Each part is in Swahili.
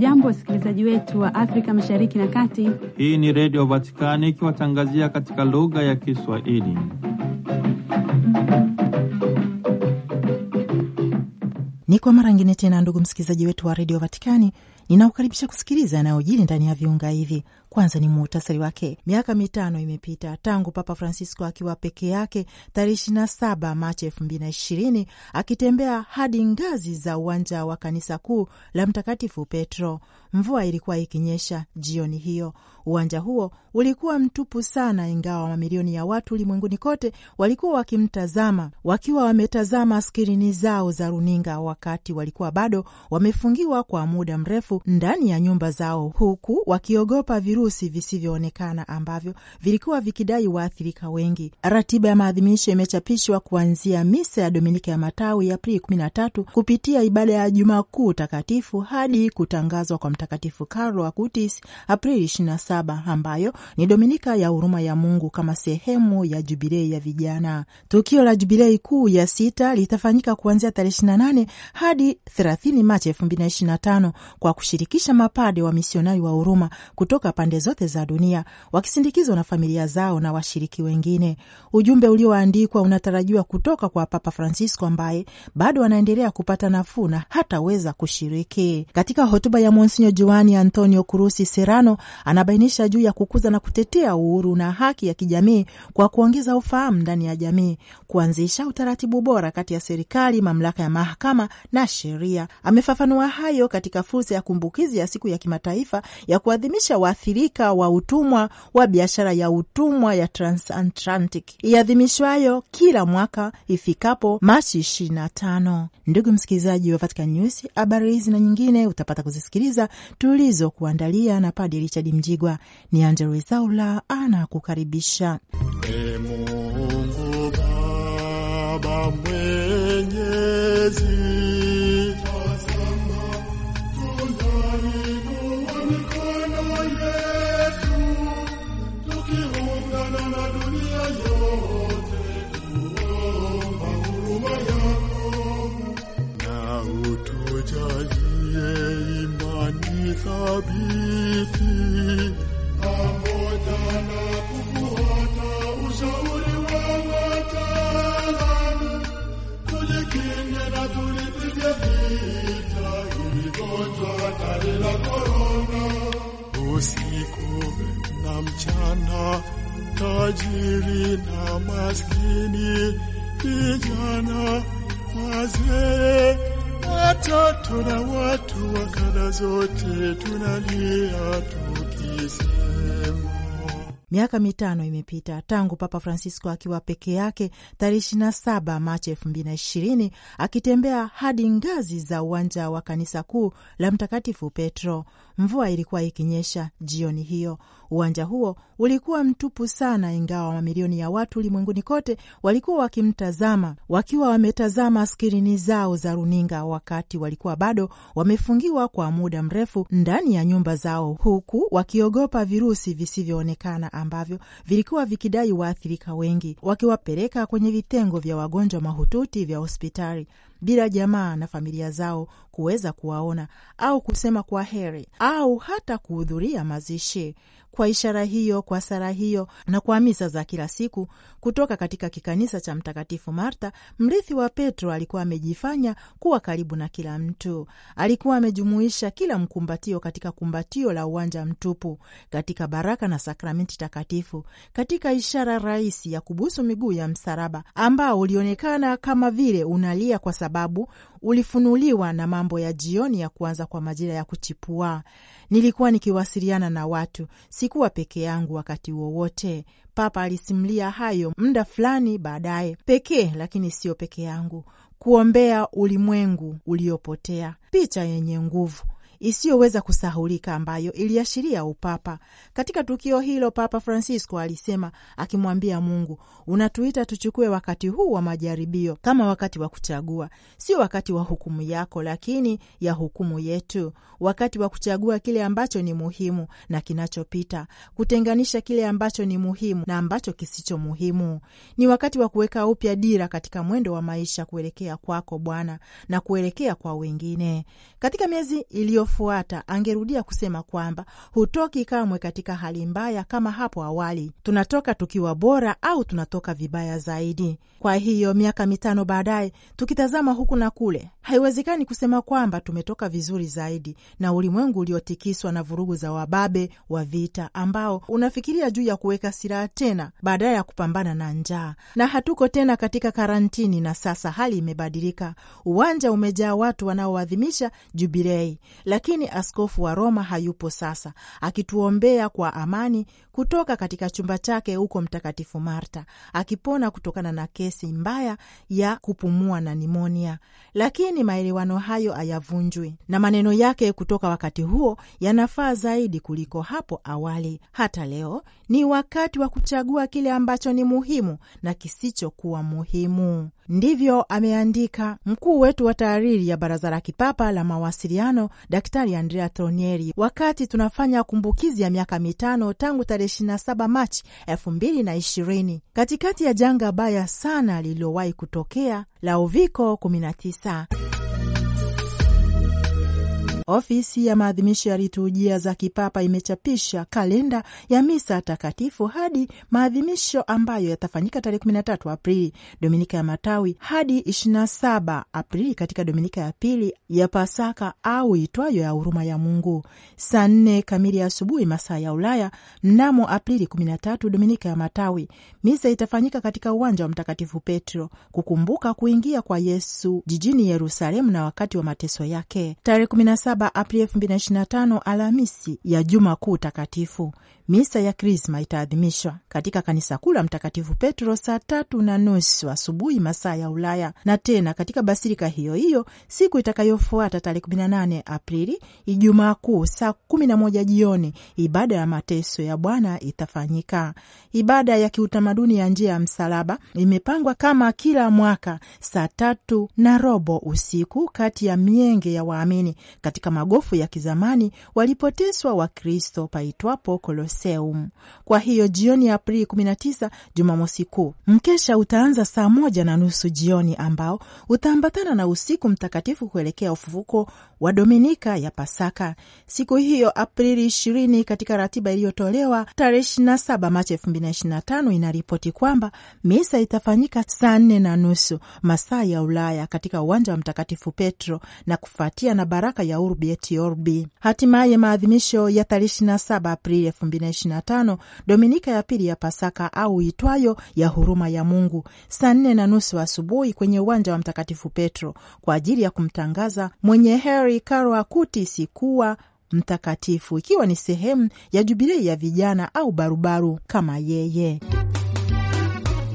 Hamjambo, wasikilizaji wetu wa Afrika mashariki na kati. Hii ni Redio Vatikani ikiwatangazia katika lugha ya Kiswahili. Ni kwa mara ingine tena, ndugu msikilizaji wetu wa Redio Vatikani, Ninaukaribisha kusikiliza yanayojiri ndani ya viunga hivi. Kwanza ni muhtasari wake. Miaka mitano imepita tangu Papa Francisco akiwa peke yake tarehe 27 Machi 2020 akitembea hadi ngazi za uwanja wa kanisa kuu la Mtakatifu Petro. Mvua ilikuwa ikinyesha jioni hiyo. Uwanja huo ulikuwa mtupu sana, ingawa mamilioni ya watu ulimwenguni kote walikuwa wakimtazama wakiwa wametazama skrini zao za runinga, wakati walikuwa bado wamefungiwa kwa muda mrefu ndani ya nyumba zao, huku wakiogopa virusi visivyoonekana ambavyo vilikuwa vikidai waathirika wengi. Ratiba ya maadhimisho imechapishwa kuanzia misa ya Dominika ya Matawi ya Aprili 13 kupitia ibada ya Jumaa Kuu Takatifu hadi kutangazwa kwa Mtakatifu Karlo Akutis Aprili 27, ambayo ni Dominika ya Huruma ya Mungu kama sehemu ya Jubilei ya Vijana. Tukio la Jubilei kuu ya sita litafanyika kuanzia tarehe 28 hadi 30 Machi 2025 kwa kushirikisha mapade wa misionari wa huruma kutoka pande zote za dunia wakisindikizwa na familia zao na washiriki wengine. Ujumbe ulioandikwa unatarajiwa kutoka kwa Papa Francisco ambaye bado anaendelea kupata nafuu na hataweza kushiriki. Katika hotuba ya Monsinyo Juani Antonio Kurusi serano anabainisha juu ya kukuza na kutetea uhuru na haki ya kijamii kwa kuongeza ufahamu ndani ya jamii, kuanzisha utaratibu bora kati ya serikali, mamlaka ya mahakama na sheria. Amefafanua hayo katika fursa ya kumbukizi ya siku ya kimataifa ya kuadhimisha waathirika wa utumwa wa biashara ya utumwa ya transatlantic iadhimishwayo kila mwaka ifikapo Machi 25. Ndugu msikilizaji wa Vatican News, habari hizi na nyingine utapata kuzisikiliza tulizokuandalia na Padi Richard Mjigwa. Ni Angelo Isaula anakukaribisha. E Mungu Baba Mwenyezi be. sote tunalia tukisema. Miaka mitano imepita tangu Papa Francisco akiwa peke yake tarehe 27 Machi 2020 akitembea hadi ngazi za uwanja wa kanisa kuu la Mtakatifu Petro Mvua ilikuwa ikinyesha jioni hiyo. Uwanja huo ulikuwa mtupu sana, ingawa mamilioni ya watu ulimwenguni kote walikuwa wakimtazama wakiwa wametazama skrini zao za runinga, wakati walikuwa bado wamefungiwa kwa muda mrefu ndani ya nyumba zao, huku wakiogopa virusi visivyoonekana ambavyo vilikuwa vikidai waathirika wengi, wakiwapeleka kwenye vitengo vya wagonjwa mahututi vya hospitali bila jamaa na familia zao kuweza kuwaona au kusema kwa heri au hata kuhudhuria mazishi. Kwa ishara hiyo, kwa sara hiyo na kwa misa za kila siku kutoka katika kikanisa cha Mtakatifu Marta, mrithi wa Petro alikuwa amejifanya kuwa karibu na kila mtu. Alikuwa amejumuisha kila mkumbatio katika kumbatio la uwanja mtupu, katika baraka na sakramenti takatifu, katika ishara rahisi ya kubusu miguu ya msalaba ambao ulionekana kama vile unalia kwa sababu ulifunuliwa na mambo ya jioni ya kuanza kwa majira ya kuchipua. Nilikuwa nikiwasiliana na watu, sikuwa peke yangu wakati wowote. Papa alisimulia hayo muda fulani baadaye. Pekee lakini siyo peke yangu, kuombea ulimwengu uliopotea. Picha yenye nguvu isiyoweza kusahulika ambayo iliashiria upapa. Katika tukio hilo, Papa Francisco alisema akimwambia Mungu, unatuita tuchukue wakati huu wa majaribio kama wakati wa kuchagua, sio wakati wa hukumu yako, lakini ya hukumu yetu, wakati wa kuchagua kile ambacho ni muhimu na kinachopita, kutenganisha kile ambacho ni muhimu na ambacho kisicho muhimu. Ni wakati wa kuweka upya dira katika mwendo wa maisha kuelekea kwako Bwana na kuelekea kwa wengine. Katika miezi iliyo iliyofuata angerudia kusema kwamba hutoki kamwe katika hali mbaya kama hapo awali. Tunatoka tukiwa bora au tunatoka vibaya zaidi. Kwa hiyo miaka mitano baadaye, tukitazama huku na kule, haiwezekani kusema kwamba tumetoka vizuri zaidi, na ulimwengu uliotikiswa na vurugu za wababe wa vita ambao unafikiria juu ya kuweka silaha tena baadaye ya kupambana na njaa, na hatuko tena katika karantini. Na sasa hali imebadilika, uwanja umejaa watu wanaoadhimisha Jubilei, lakini askofu wa Roma hayupo sasa, akituombea kwa amani kutoka katika chumba chake huko Mtakatifu Marta, akipona kutokana na kesi mbaya ya kupumua na nimonia. Lakini maelewano hayo hayavunjwi, na maneno yake kutoka wakati huo yanafaa zaidi kuliko hapo awali. Hata leo ni wakati wa kuchagua kile ambacho ni muhimu na kisichokuwa muhimu. Ndivyo ameandika mkuu wetu wa taariri ya Baraza la Kipapa la Mawasiliano, Daktari Andrea Tronieri, wakati tunafanya kumbukizi ya miaka mitano tangu tarehe 27 Machi 2020 katikati ya janga baya sana lililowahi kutokea la uviko 19. Ofisi ya maadhimisho ya liturujia za kipapa imechapisha kalenda ya misa takatifu hadi maadhimisho ambayo yatafanyika tarehe 13 Aprili, dominika ya matawi, hadi 27 Aprili katika dominika ya pili ya Pasaka au itwayo ya huruma ya Mungu, saa nne kamili ya asubuhi masaa ya Ulaya. Mnamo Aprili 13, dominika ya matawi, misa itafanyika katika uwanja wa Mtakatifu Petro kukumbuka kuingia kwa Yesu jijini Yerusalemu na wakati wa mateso yake. Tarehe 17 Aprili 2025 Alhamisi ya Juma Kuu Takatifu misa ya Krisma itaadhimishwa katika kanisa kuu la Mtakatifu Petro saa tatu na nusu asubuhi masaa ya Ulaya, na tena katika basilika hiyo hiyo siku itakayofuata tarehe 18 Aprili, Ijumaa Kuu, saa moja jioni, ibada ya mateso ya Bwana itafanyika. Ibada ya kiutamaduni ya njia ya msalaba imepangwa kama kila mwaka saa tatu na robo usiku kati ya mienge ya waamini katika magofu ya kizamani walipoteswa Wakristo paitwapo Lyceum. Kwa hiyo jioni ya Aprili 19, Jumamosi Kuu, mkesha utaanza saa moja na nusu jioni ambao utaambatana na usiku mtakatifu kuelekea ufufuko wa Dominika ya Pasaka. Siku hiyo Aprili 20, katika ratiba iliyotolewa tarehe 27 Machi 2025 inaripoti kwamba misa itafanyika saa nne na nusu masaa ya Ulaya katika uwanja wa Mtakatifu Petro na kufuatia na baraka ya Urbi et Orbi. Hatimaye maadhimisho ya tarehe 27 Aprili 225 Dominika ya pili ya Pasaka au itwayo ya huruma ya Mungu, saa nne na nusu asubuhi kwenye uwanja wa Mtakatifu Petro kwa ajili ya kumtangaza mwenye heri Carlo Acutis kuwa mtakatifu, ikiwa ni sehemu ya Jubilei ya vijana au barubaru kama yeye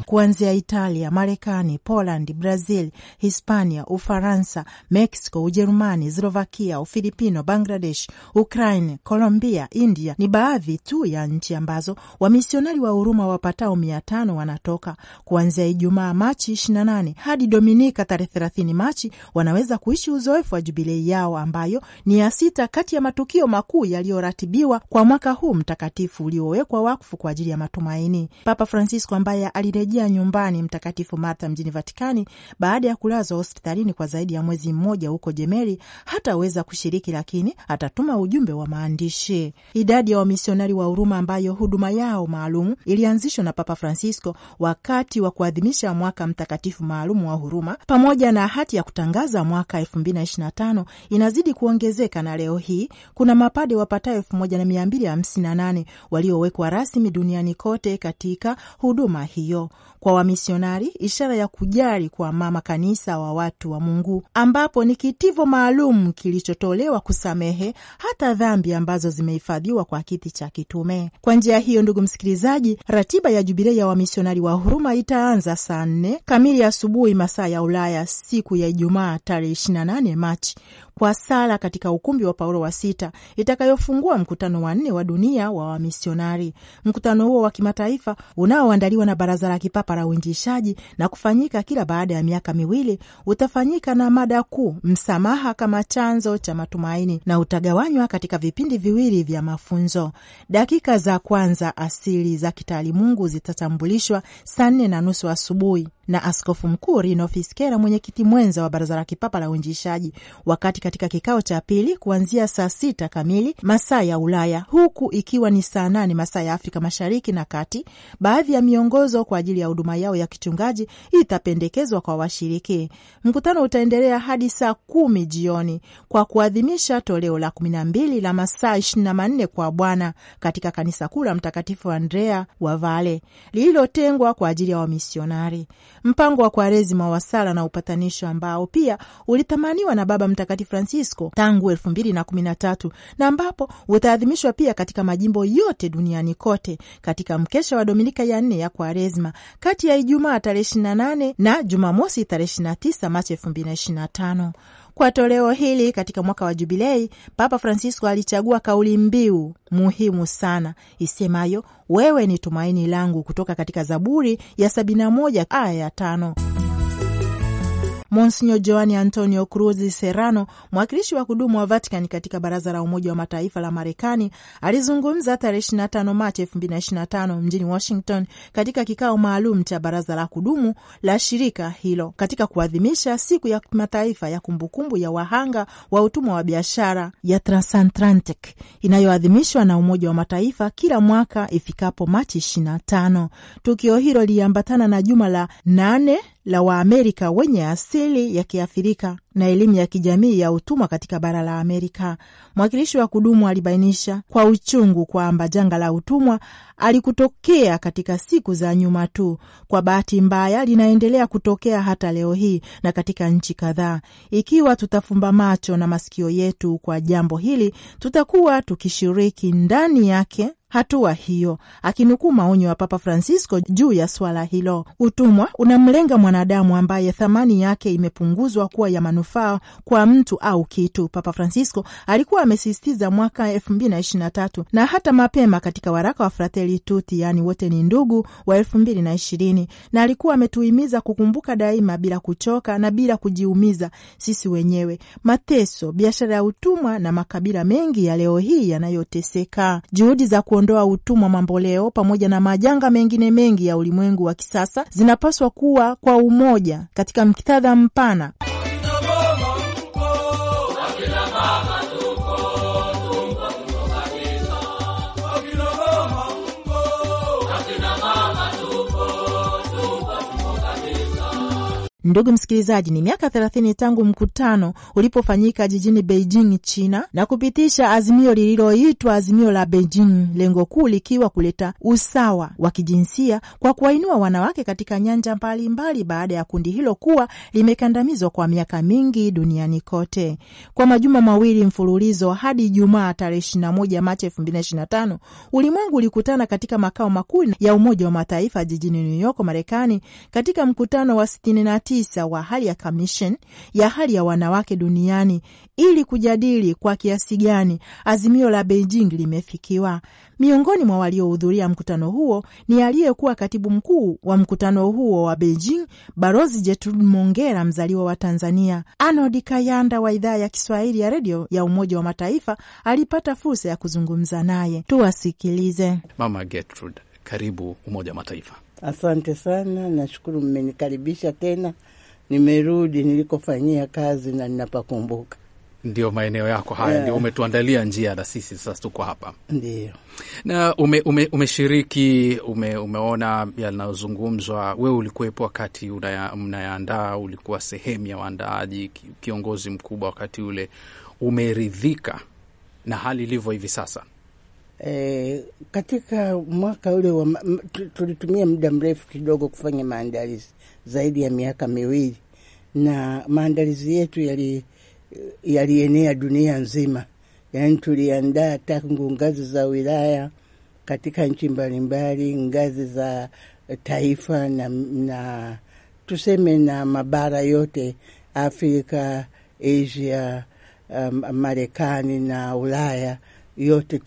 kuanzia Italia, Marekani, Poland, Brazil, Hispania, Ufaransa, Mexico, Ujerumani, Slovakia, Ufilipino, Bangladesh, Ukraine, Colombia, India ni baadhi tu ya nchi ambazo wamisionari wa huruma wapatao mia tano wanatoka. Kuanzia Ijumaa Machi 28 hadi Dominika tarehe 30 Machi wanaweza kuishi uzoefu wa jubilei yao ambayo ni ya sita kati ya matukio makuu yaliyoratibiwa kwa mwaka huu mtakatifu uliowekwa wakfu kwa ajili ya matumaini. Papa Francisco ambaye alirejea alirejea nyumbani Mtakatifu Martha mjini Vatikani baada ya kulazwa hospitalini kwa zaidi ya mwezi mmoja huko Jemeli hataweza kushiriki, lakini atatuma ujumbe wa maandishi. Idadi ya wamisionari wa huruma ambayo huduma yao maalum ilianzishwa na Papa Francisco wakati wa kuadhimisha mwaka mtakatifu maalum wa huruma pamoja na hati ya kutangaza mwaka 2025 inazidi kuongezeka, na leo hii kuna mapade wapatao 1258 waliowekwa rasmi duniani kote katika huduma hiyo kwa wamisionari, ishara ya kujali kwa mama kanisa wa watu wa Mungu, ambapo ni kitivo maalum kilichotolewa kusamehe hata dhambi ambazo zimehifadhiwa kwa kiti cha kitume. Kwa njia hiyo, ndugu msikilizaji, ratiba ya jubilei ya wamisionari wa huruma itaanza saa nne kamili asubuhi masaa ya Ulaya siku ya Ijumaa tarehe 28 Machi kwa sala katika ukumbi wa Paulo wa sita itakayofungua mkutano wa nne wa dunia wa wamisionari. Mkutano huo wa kimataifa unaoandaliwa na Baraza la Kipapa la Uinjishaji na kufanyika kila baada ya miaka miwili utafanyika na mada kuu msamaha kama chanzo cha matumaini, na utagawanywa katika vipindi viwili vya mafunzo. Dakika za kwanza asili za kitaalimungu zitatambulishwa saa nne na nusu asubuhi na Askofu Mkuu Rino Fiskera, mwenyekiti mwenza wa Baraza la Kipapa la Uinjishaji, wakati katika kikao cha pili kuanzia saa sita kamili masaa ya Ulaya, huku ikiwa ni saa nane masaa ya Afrika Mashariki na Kati, baadhi ya miongozo kwa ajili ya huduma yao ya kichungaji itapendekezwa kwa washiriki. Mkutano utaendelea hadi saa kumi jioni kwa kuadhimisha toleo la kumi na mbili la masaa ishirini na manne kwa Bwana katika kanisa kuu la Mtakatifu Andrea wa Vale lililotengwa kwa ajili ya wamisionari mpango wa Kwarezima wa sala na upatanisho ambao pia ulitamaniwa na Baba Mtakatifu Francisco tangu elfu mbili na kumi na tatu na ambapo utaadhimishwa pia katika majimbo yote duniani kote katika mkesha wa Dominika ya nne ya Kwarezima kati ya Ijumaa tarehe 28 na Jumamosi tarehe tisa Machi elfu mbili na ishirini na tano. Kwa toleo hili katika mwaka wa Jubilei, Papa Francisco alichagua kauli mbiu muhimu sana isemayo, wewe ni tumaini langu, kutoka katika Zaburi ya 71 aya ya 5. Monsinyo Joani Antonio Cruz Serrano, mwakilishi wa kudumu wa Vatican katika Baraza la Umoja wa Mataifa la Marekani, alizungumza tarehe 25 Machi 2025 mjini Washington katika kikao maalum cha baraza la kudumu la shirika hilo katika kuadhimisha siku ya kimataifa ya kumbukumbu ya wahanga wa utumwa wa biashara ya transatlantic inayoadhimishwa na Umoja wa Mataifa kila mwaka ifikapo Machi 25. Tukio hilo liliambatana na juma la nane la Waamerika wenye asili ya Kiafrika na elimu ya kijamii ya utumwa katika bara la Amerika. Mwakilishi wa kudumu alibainisha kwa uchungu kwamba janga la utumwa alikutokea katika siku za nyuma tu, kwa bahati mbaya linaendelea kutokea hata leo hii na katika nchi kadhaa. Ikiwa tutafumba macho na masikio yetu kwa jambo hili, tutakuwa tukishiriki ndani yake hatua hiyo. Akinukuu maonyo ya Papa Francisco juu ya swala hilo, utumwa unamlenga mwanadamu ambaye thamani yake imepunguzwa kuwa ya manufa manufaa kwa mtu au kitu. Papa Francisco alikuwa amesisitiza mwaka elfu mbili na ishirini na tatu na hata mapema katika waraka wa Fratelli Tutti, yaani wote ni ndugu, wa elfu mbili na ishirini na alikuwa ametuhimiza kukumbuka daima bila kuchoka na bila kujiumiza sisi wenyewe mateso, biashara ya utumwa na makabila mengi ya leo hii yanayoteseka, juhudi za kuondoa utumwa mamboleo pamoja na majanga mengine mengi ya ulimwengu wa kisasa zinapaswa kuwa kwa umoja katika mktadha mpana Ndugu msikilizaji, ni miaka thelathini tangu mkutano ulipofanyika jijini Beijing, China, na kupitisha azimio lililoitwa Azimio la Beijing, lengo kuu likiwa kuleta usawa wa kijinsia kwa kuwainua wanawake katika nyanja mbalimbali mbali, baada ya kundi hilo kuwa limekandamizwa kwa miaka mingi duniani kote. Kwa majuma mawili mfululizo hadi Jumaa tarehe 21 Machi 2025 ulimwengu ulikutana katika makao makuu ya Umoja wa Mataifa jijini New York, Marekani, katika mkutano wa sitini na tisa tisa wa hali ya kamishen ya hali ya wanawake duniani ili kujadili kwa kiasi gani azimio la Beijing limefikiwa. Miongoni mwa waliohudhuria mkutano huo ni aliyekuwa katibu mkuu wa mkutano huo wa Beijing, Balozi Gertrude Mongera, mzaliwa wa Tanzania. Arnold Kayanda wa idhaa ya Kiswahili ya redio ya Umoja wa Mataifa alipata fursa ya kuzungumza naye, tuwasikilize. Mama Gertrude, karibu Umoja wa Mataifa. Asante sana, nashukuru mmenikaribisha tena. Nimerudi nilikofanyia kazi na ninapakumbuka. Ndio maeneo yako haya, yeah. Ndio umetuandalia njia na sisi sasa tuko hapa, ndio na ume, ume, umeshiriki ume, umeona yanayozungumzwa. Wewe ulikuwepo wakati mnayaandaa, ulikuwa sehemu ya waandaaji, kiongozi mkubwa wakati ule. Umeridhika na hali ilivyo hivi sasa? E, katika mwaka ule wa tulitumia muda mrefu kidogo kufanya maandalizi zaidi ya miaka miwili, na maandalizi yetu yalienea yali dunia nzima. Yaani tuliandaa tangu ngazi za wilaya katika nchi mbalimbali, ngazi za taifa na, na tuseme na mabara yote Afrika, Asia, um, Marekani na Ulaya yote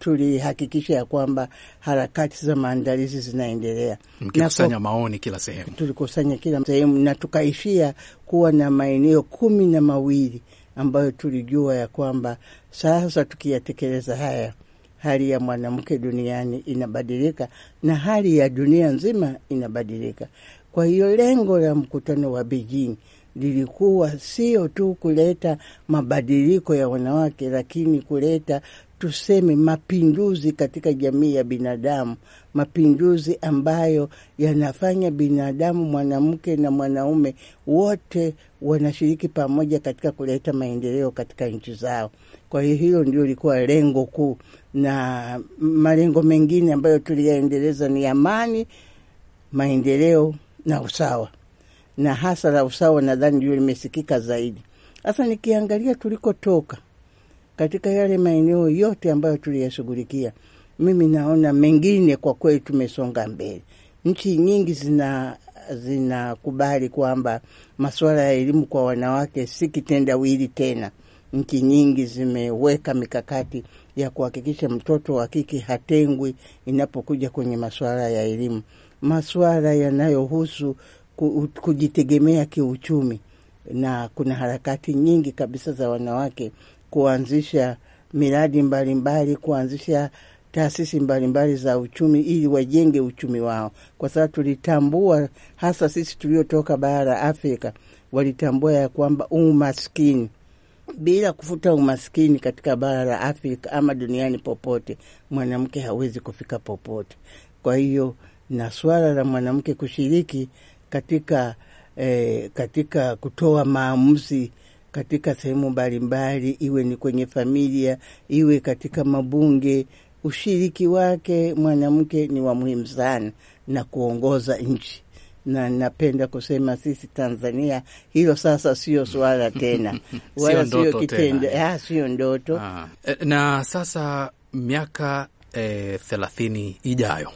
tulihakikisha tuli ya kwamba harakati za maandalizi zinaendelea. Mkikusanya maoni kila sehemu, tulikusanya kila sehemu na tukaishia kuwa na maeneo kumi na mawili ambayo tulijua ya kwamba sasa tukiyatekeleza haya hali ya mwanamke duniani inabadilika na hali ya dunia nzima inabadilika. Kwa hiyo lengo la mkutano wa Beijing lilikuwa sio tu kuleta mabadiliko ya wanawake, lakini kuleta tuseme mapinduzi katika jamii ya binadamu, mapinduzi ambayo yanafanya binadamu, mwanamke na mwanaume wote wanashiriki pamoja katika kuleta maendeleo katika nchi zao. Kwa hiyo hilo ndio likuwa lengo kuu, na malengo mengine ambayo tuliyaendeleza ni amani, maendeleo na usawa na hasa la usawa, nadhani ndio limesikika zaidi. Sasa nikiangalia tulikotoka katika yale maeneo yote ambayo tuliyashughulikia, mimi naona mengine kwa kweli tumesonga mbele. Nchi nyingi zina zinakubali kwamba masuala ya elimu kwa wanawake si kitendawili tena. Nchi nyingi zimeweka mikakati ya kuhakikisha mtoto wa kike hatengwi inapokuja kwenye masuala ya elimu. Masuala yanayohusu kujitegemea kiuchumi, na kuna harakati nyingi kabisa za wanawake kuanzisha miradi mbalimbali mbali, kuanzisha taasisi mbalimbali mbali za uchumi ili wajenge uchumi wao, kwa sababu tulitambua hasa sisi tuliotoka bara la Afrika walitambua ya kwamba umaskini, bila kufuta umaskini katika bara la Afrika ama duniani popote, mwanamke hawezi kufika popote. Kwa hiyo na swala la mwanamke kushiriki katika, eh, katika kutoa maamuzi katika sehemu mbalimbali, iwe ni kwenye familia, iwe katika mabunge. Ushiriki wake mwanamke ni wa muhimu sana na kuongoza nchi, na napenda kusema sisi Tanzania hilo sasa sio swala tena wala sio kitendo, ah, sio ndoto. Ah. Eh, na sasa miaka e, ijayo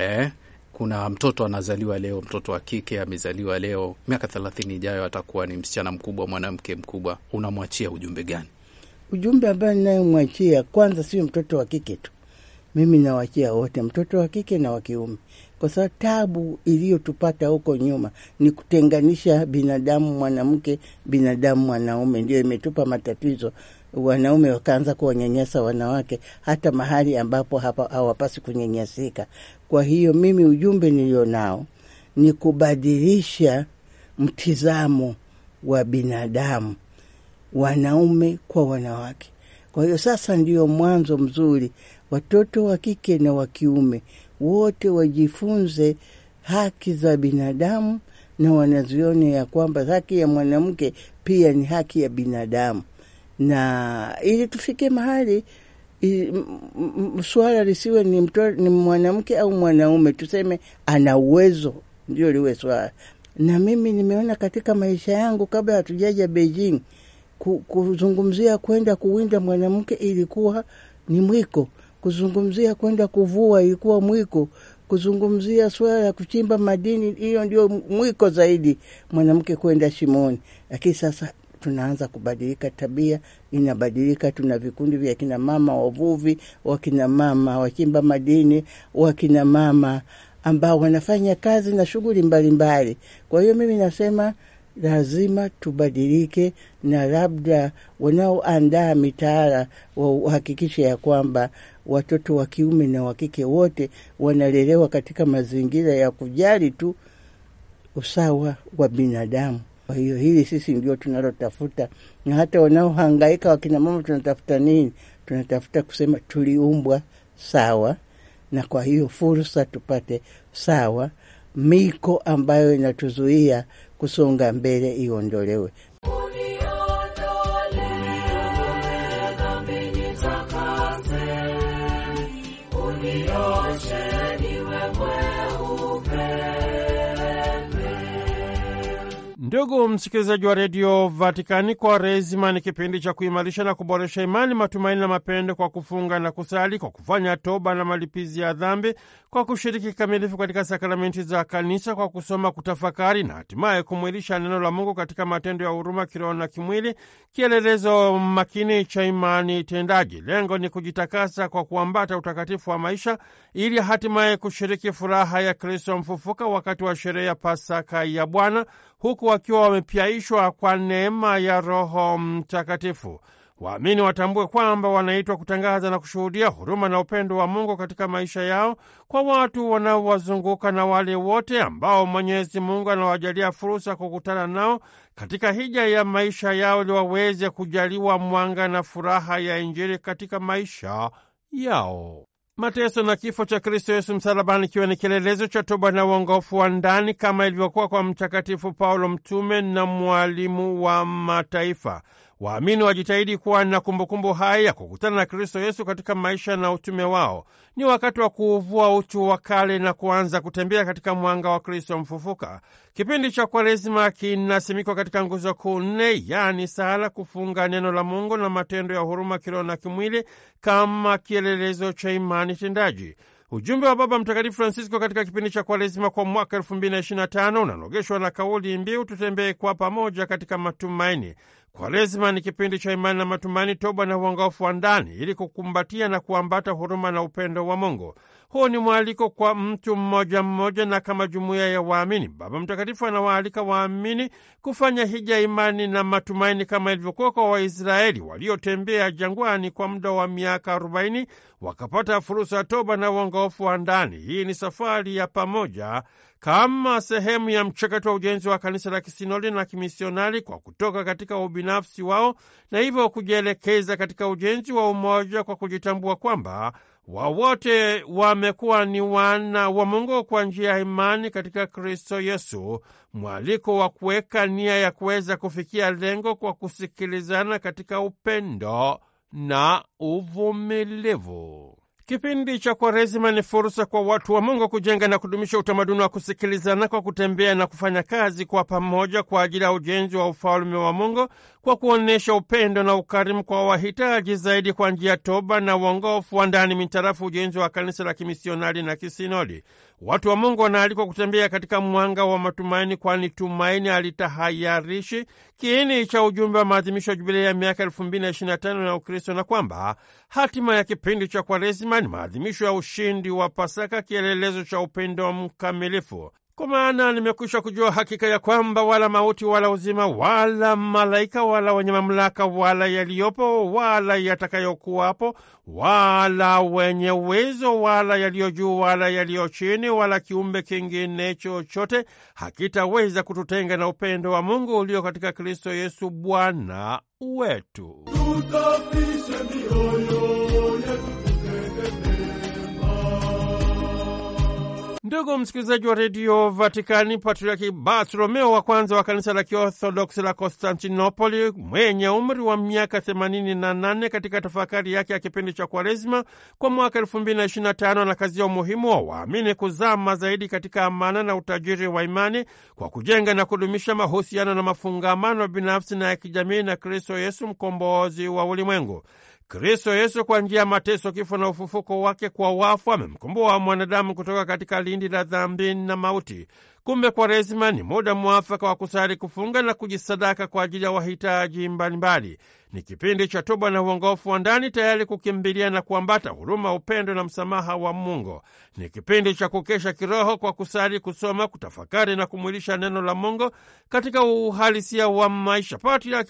e, kuna mtoto anazaliwa leo, mtoto wa kike amezaliwa leo, miaka thelathini ijayo atakuwa ni msichana mkubwa, mwanamke mkubwa, unamwachia ujumbe gani? Ujumbe ambayo ninayemwachia kwanza, sio mtoto wa kike tu, mimi nawachia wote, mtoto wa kike na wa kiume, kwa sababu tabu iliyotupata huko nyuma ni kutenganisha binadamu mwanamke, binadamu mwanaume, ndio imetupa matatizo wanaume wakaanza kuwanyanyasa wanawake hata mahali ambapo hawapasi kunyanyasika. Kwa hiyo mimi ujumbe nilio nao ni kubadilisha mtizamo wa binadamu, wanaume kwa wanawake. Kwa hiyo sasa ndio mwanzo mzuri, watoto wa kike na wa kiume wote wajifunze haki za binadamu na wanazione ya kwamba haki ya mwanamke pia ni haki ya binadamu na ili tufike mahali suala lisiwe ni, ni mwanamke au mwanaume, tuseme ana uwezo, ndio liwe swala. Na mimi nimeona katika maisha yangu kabla hatujaja Beijing kuzungumzia kwenda kuwinda mwanamke ilikuwa ni mwiko, kuzungumzia kwenda kuvua ilikuwa mwiko, kuzungumzia suala la kuchimba madini, hiyo ndio mwiko zaidi, mwanamke kwenda shimoni. Lakini sasa tunaanza kubadilika, tabia inabadilika. Tuna vikundi vya kinamama wavuvi, wakinamama wachimba madini, wakinamama ambao wanafanya kazi na shughuli mbalimbali. Kwa hiyo mimi nasema lazima tubadilike, na labda wanaoandaa mitaala wahakikishe ya kwamba watoto wa kiume na wa kike wote wanalelewa katika mazingira ya kujali tu usawa wa binadamu kwa hiyo hili sisi ndio tunalotafuta, na hata wanaohangaika wakina mama tunatafuta nini? Tunatafuta kusema tuliumbwa sawa, na kwa hiyo fursa tupate sawa. Miko ambayo inatuzuia kusonga mbele iondolewe. Ndugu msikilizaji wa redio Vatikani, kwa rezima ni kipindi cha kuimarisha na kuboresha imani, matumaini na mapendo, kwa kufunga na kusali, kwa kufanya toba na malipizi ya dhambi, kwa kushiriki kikamilifu katika sakramenti za Kanisa, kwa kusoma, kutafakari na hatimaye kumwilisha neno la Mungu katika matendo ya huruma kiroho na kimwili, kielelezo makini cha imani tendaji. Lengo ni kujitakasa kwa kuambata utakatifu wa maisha, ili hatimaye kushiriki furaha ya Kristo mfufuka wakati wa sherehe ya Pasaka ya Bwana huku wakiwa wamepyaishwa kwa neema ya Roho Mtakatifu. Waamini watambue kwamba wanaitwa kutangaza na kushuhudia huruma na upendo wa Mungu katika maisha yao kwa watu wanaowazunguka na wale wote ambao Mwenyezi Mungu anawajalia fursa kukutana nao katika hija ya maisha yao, ili waweze kujaliwa mwanga na furaha ya Injili katika maisha yao mateso na kifo cha Kristo Yesu msalabani kiwa ni kielelezo cha toba na uongofu wa ndani kama ilivyokuwa kwa Mtakatifu Paulo mtume na mwalimu wa mataifa. Waamini wajitahidi kuwa na kumbukumbu hai ya kukutana na Kristo Yesu katika maisha na utume wao. Ni wakati wa kuuvua utu wa kale na kuanza kutembea katika mwanga wa Kristo mfufuka. Kipindi cha Kwaresima kinasimikwa katika nguzo kuu nne, yaani sala, kufunga, neno la Mungu na matendo ya huruma kiroho na kimwili, kama kielelezo cha imani tendaji. Ujumbe wa Baba Mtakatifu Francisco katika kipindi cha Kwaresima kwa mwaka elfu mbili na ishirini na tano unanogeshwa na kauli mbiu tutembee kwa pamoja katika matumaini. Kwaresima ni kipindi cha imani na matumaini, toba na uongofu wa ndani, ili kukumbatia na kuambata huruma na upendo wa Mungu. Huu ni mwaliko kwa mtu mmoja mmoja na kama jumuiya ya waamini. Baba Mtakatifu anawaalika waamini kufanya hija imani na matumaini, kama ilivyokuwa kwa Waisraeli waliotembea jangwani kwa muda wa miaka arobaini wakapata fursa ya toba na uongofu wa ndani. Hii ni safari ya pamoja kama sehemu ya mchakato wa ujenzi wa kanisa la kisinodi na kimisionari kwa kutoka katika ubinafsi wao na hivyo kujielekeza katika ujenzi wa umoja kwa kujitambua kwamba wawote wamekuwa ni wana wa Mungu kwa njia ya imani katika Kristo Yesu. Mwaliko wa kuweka nia ya kuweza kufikia lengo kwa kusikilizana katika upendo na uvumilivu. Kipindi cha Kwaresima ni fursa kwa watu wa Mungu kujenga na kudumisha utamaduni wa kusikilizana kwa kutembea na kufanya kazi kwa pamoja kwa ajili ya ujenzi wa ufalme wa Mungu kwa kuonyesha upendo na ukarimu kwa wahitaji zaidi kwa njia toba na uongofu wa ndani mitarafu ujenzi wa kanisa la kimisionari na kisinodi. Watu wa Mungu wanaalikwa kutembea katika mwanga wa matumaini, kwani tumaini alitahayarishi kiini cha ujumbe wa maadhimisho ya jubilei ya miaka elfu mbili na na tano na Ukristo, na kwamba hatima ya kipindi cha Kwaresima ni maadhimisho ya ushindi wa Pasaka, kielelezo cha upendo mkamilifu. Kwa maana nimekwisha kujua hakika ya kwamba wala mauti wala uzima wala malaika wala wenye mamlaka wala yaliyopo wala yatakayokuwapo wala wenye uwezo wala yaliyo juu wala yaliyo chini wala kiumbe kingine chochote hakitaweza kututenga na upendo wa Mungu ulio katika Kristo Yesu Bwana wetu Tutafi. Ndugu msikilizaji wa redio Vatikani, Patriaki Bartolomeo wa kwanza wa kanisa la Kiorthodoksi la Konstantinopoli mwenye umri wa miaka 88 katika tafakari yake ya kipindi cha Kwaresima kwa mwaka 2025 anakazia umuhimu wa waamini kuzama zaidi katika amana na utajiri wa imani kwa kujenga na kudumisha mahusiano na mafungamano binafsi na ya kijamii na Kristo Yesu, mkombozi wa ulimwengu. Kristo Yesu kwa njia ya mateso, kifo na ufufuko wake kwa wafu amemkomboa mwanadamu kutoka katika lindi la dhambini na mauti. Kumbe Kwaresima ni muda mwafaka wa kusali, kufunga na kujisadaka kwa ajili ya wahitaji mbalimbali. Ni kipindi cha toba na uongofu wa ndani, tayari kukimbilia na kuambata huruma, upendo na msamaha wa Mungu. Ni kipindi cha kukesha kiroho kwa kusali, kusoma, kutafakari na kumwilisha neno la Mungu katika uhalisia wa maisha. Pati ya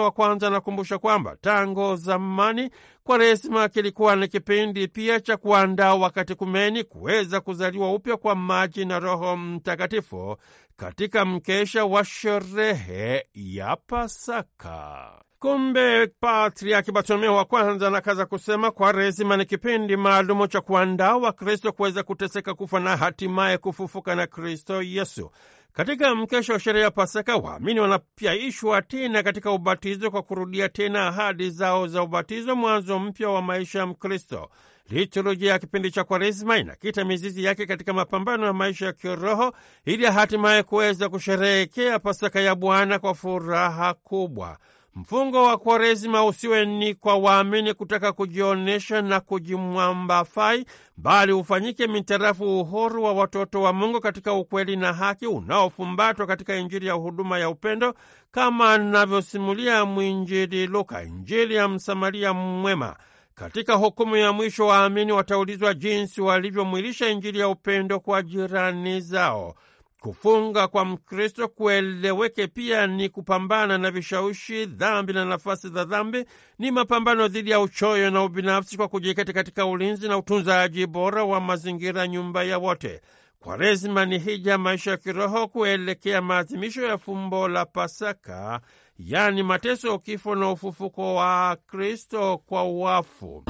wa kwanza anakumbusha kwamba tangu zamani Kwaresima kilikuwa ni kipindi pia cha kuandaa wakati kumeni kuweza kuzaliwa upya kwa maji na Roho Mtakatifu katika mkesha wa sherehe ya Pasaka. Kumbe Patriaki Bartolomeo wa kwanza anakaza kusema Kwaresima ni kipindi maalumu cha kuandaa Wakristo kuweza kuteseka, kufa na hatimaye kufufuka na Kristo Yesu. Katika mkesha wa sherehe ya Pasaka, waamini wanapyaishwa tena katika ubatizo kwa kurudia tena ahadi zao za ubatizo, mwanzo mpya wa maisha ya Mkristo. Liturujia ya kipindi cha Kwaresma inakita mizizi yake katika mapambano ya maisha ya kiroho ili hatimaye kuweza kusherehekea Pasaka ya Bwana kwa furaha kubwa. Mfungo wa Kwaresima usiwe ni kwa waamini kutaka kujionyesha na kujimwambafai, bali ufanyike mitarafu uhuru wa watoto wa Mungu katika ukweli na haki unaofumbatwa katika Injili ya huduma ya upendo, kama anavyosimulia mwinjili Luka Injili ya Msamaria Mwema. Katika hukumu ya mwisho, waamini wataulizwa jinsi walivyomwilisha Injili ya upendo kwa jirani zao. Kufunga kwa Mkristo kueleweke pia ni kupambana na vishawishi, dhambi na nafasi za dhambi. Ni mapambano dhidi ya uchoyo na ubinafsi kwa kujikita katika ulinzi na utunzaji bora wa mazingira, nyumba ya wote. Kwaresima ni hija maisha ya kiroho kuelekea maadhimisho ya fumbo la Pasaka, yaani mateso, kifo na ufufuko wa Kristo kwa wafu.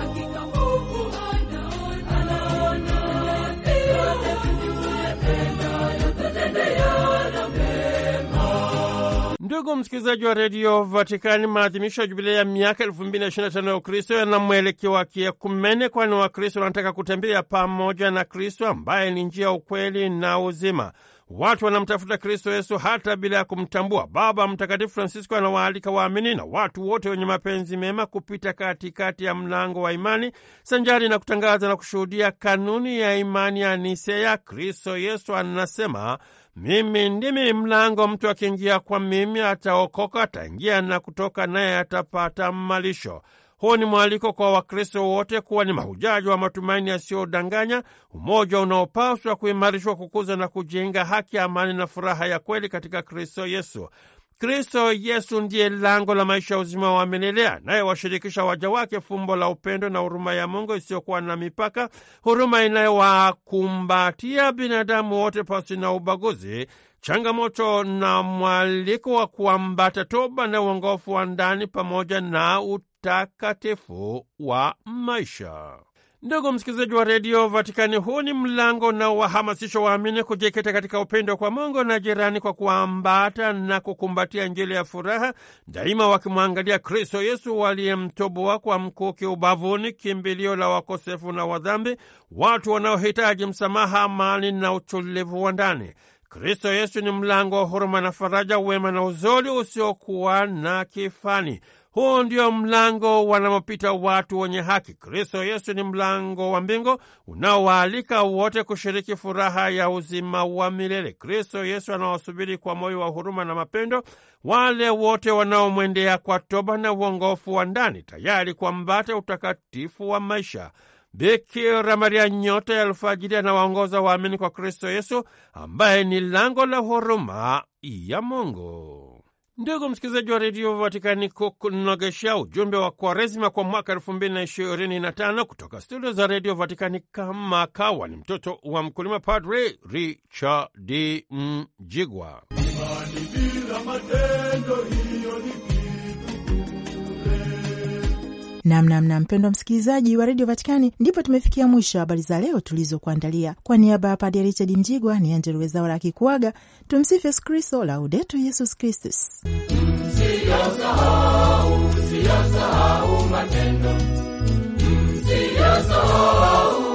Ndugu msikilizaji wa redio Vatikani, maadhimisho ya jubilei ya miaka elfu mbili na na tano ya Ukristo yana mwelekeo wa kiekumene, kwani Wakristo wanataka kutembea pamoja na Kristo ambaye ni njia, ukweli na uzima. Watu wanamtafuta Kristo Yesu hata bila ya kumtambua. Baba Mtakatifu Francisco anawaalika waamini na watu wote wenye mapenzi mema kupita katikati kati ya mlango wa imani sanjari na kutangaza na kushuhudia kanuni ya imani ya Nisea. Kristo Yesu anasema mimi ndimi mlango, mtu akiingia kwa mimi ataokoka, ataingia na kutoka, naye atapata malisho. Huu ni mwaliko kwa Wakristo wote kuwa ni mahujaji wa matumaini yasiyodanganya, umoja unaopaswa kuimarishwa, kukuza na kujenga haki, amani na furaha ya kweli katika Kristo Yesu. Kristo Yesu ndiye lango la maisha ya uzima wa milele, anayewashirikisha waja wake fumbo la upendo na huruma ya Mungu isiyokuwa na mipaka, huruma inayowakumbatia binadamu wote pasi na ubaguzi, changamoto na mwaliko wa kuambata toba na uongofu wa ndani pamoja na utakatifu wa maisha. Ndugu msikilizaji wa redio Vatikani, huu ni mlango na wahamasisho waamini kujikita katika upendo kwa Mungu na jirani kwa kuambata na kukumbatia Injili ya furaha daima, wakimwangalia Kristo Yesu waliyemtoboa kwa mkuki ubavuni, kimbilio la wakosefu na wadhambi, watu wanaohitaji msamaha, amani na utulivu wa ndani. Kristo Yesu ni mlango wa huruma na faraja, wema na uzuri usiokuwa na kifani. Huu ndio mlango wanamopita watu wenye haki. Kristo Yesu ni mlango wa mbingu unaowaalika wote kushiriki furaha ya uzima wa milele. Kristo Yesu anawasubiri kwa moyo wa huruma na mapendo wale wote wanaomwendea kwa toba na uongofu wa ndani, tayari kuambata utakatifu wa maisha. Bikira Maria, nyota ya alfajiri, anawaongoza waamini kwa Kristo Yesu ambaye ni lango la huruma ya Mungu. Ndugu msikilizaji wa redio Vatikani, kukunogeshea ujumbe wa Kwaresima kwa mwaka elfu mbili na ishirini na tano kutoka studio za redio Vatikani kama kawa ni mtoto wa mkulima, Padre Richard Mjigwa. namnamna. Mpendwa msikilizaji wa redio Vatikani, ndipo tumefikia mwisho habari za leo tulizokuandalia. Kwa, kwa niaba ya Padre Richard Mjigwa ni Angelo la kikuaga, Tumsifu Yesu Kristo, laudetu Yesus Kristus. Msiyasahau matendo, msiyasahau